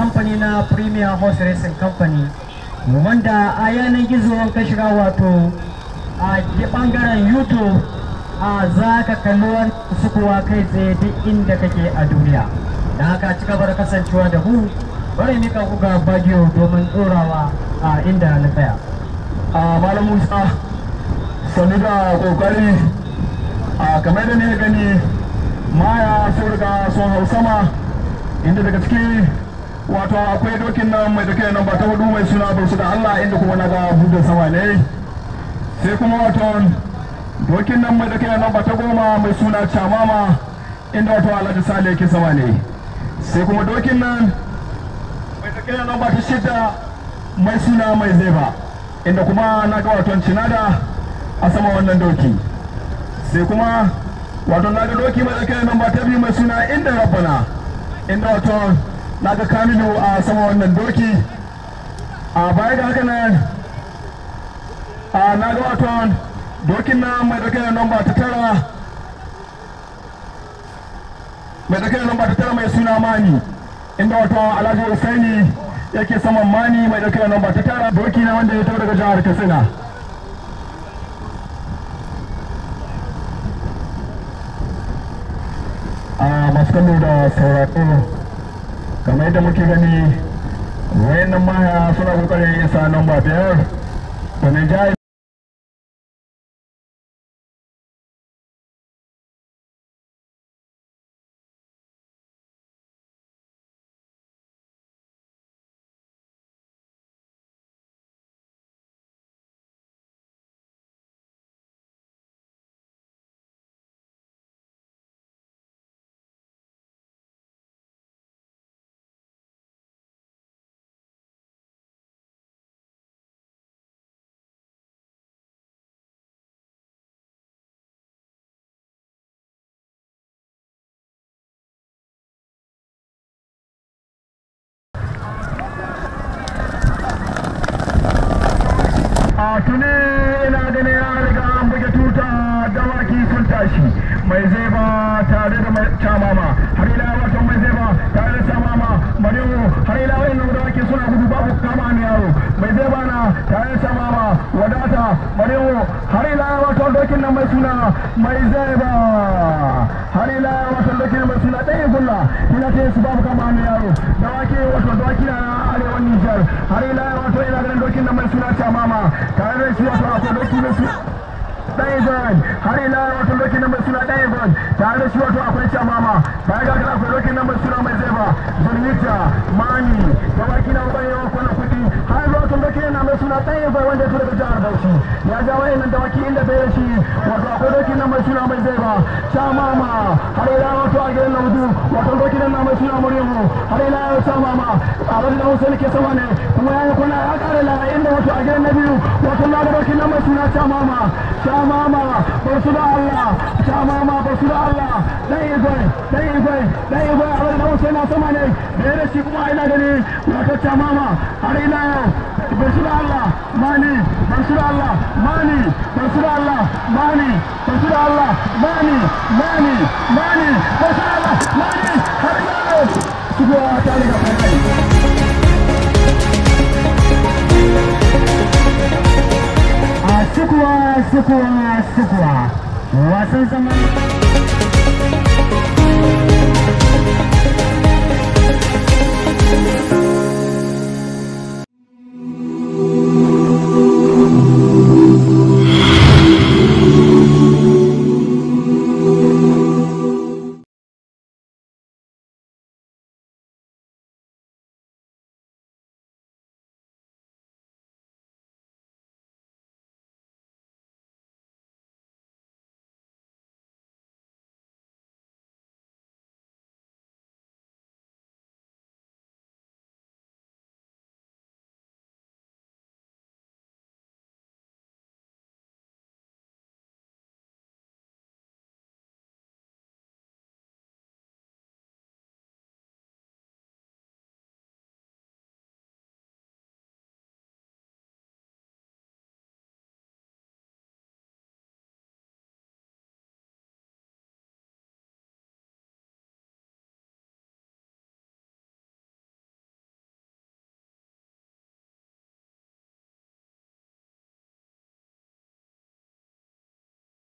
kamfani na premier horse racing company wanda a yanar gizo ka shiga wato a bangaren youtube a za ka kalli sukuwa kai tsaye duk inda kake a duniya da haka ci gaba kasancewa da mu bari mika ku ga bagiyo domin tsorawa a inda na tsaya a malam musa sani da kokari a kamar da ne gani maya sun riga sun hau sama inda daga ciki wato akwai dokin nan mai da kai nan ba ta hudu mai suna ba su da Allah inda kuma na ga buɗe sama ne sai kuma wato dokin nan mai da kai nan ba ta goma mai suna chamama, inda wato Alhaji Sale yake sama ne sai kuma dokin nan mai da kai nan ba ta shida mai suna mai zeba inda kuma na ga wato cinada a sama wannan doki sai kuma wato na ga doki mai da kai nan ba ta biyu mai suna inda rabbana inda wato na ga kamilu a sama wannan doki a baya ga haka nan a na ga wato dokin na mai dauke na namba ta tara mai dauke na namba ta tara mai suna mani inda wato alhaji husaini yake saman mani mai dauke na namba ta tara doki na wanda ya taɓa daga jihar katsina a masu kallo da sauraron kamar yadda muke gani wayannan mahaya suna kokarin isa lamba biyar domin tuni ina ganin ya riga an buge tuta dawaki sun tashi mai zai ba tare da mai camama har ila watan mai zai ba tare da samama mariwo har ila wa'in nan dawaki suna gudu babu kama man ಯಾರು ಮೆಜೆಬಾನ ತಾಯಸಮಾವ ವಡಾಟ ಮರೆಯು ಹರಿಲ ಮಟೊಂಡೋಕಿನ ಮೈಸುನ ಮೈಜೇಬ ಹರಿಲ ಮಟೊಂಡೋಕಿನ ಮೈಸುನ ತೈಗುಲ್ಲ ಇಲಕೆ ಸುಬಾಬ ಕಮಾನ ಯಾರು ದಾಕೆ ವಟೊಂಡೋಕಿನ ಅಲೆವ ನಿಜರ್ ಹರಿಲ ವಟೊ ಇಲ ಗಂಡೋಕಿನ ಮೈಸುನ ಚಮಾಮ ತಾಯಸು ವಟೊಂಡೋಕಿನ ಮೈಸುನ David, hari la wato loki na mai suna David, tare da shi wato akwai Chamama, baya ga kana akwai loki na mai suna mai zeba, Zulmita, Mani, gabaki na ubayewa kwana sarkin doki yana mai suna tsayin bai wanda ya daga jihar bauchi ya ja wayannan dawaki inda bai rashi wato akwai doki nan mai suna mai zai ba shamama har ila wato a gidan laudu wato doki nan mai suna muryamu har ila ya shamama a wani da hausa ke sama ne kuma ya yi kuna ya kare suna shamama shamama Allah shamama ba su Allah dan igwe dan igwe dan igwe a wani dawo sai na sama ne da ya shi kuma ina gani wata shamama har ina yau ba Allah mani ba Allah mani ba Allah mani ba Allah mani mani Allah mani そこはそこはわさざ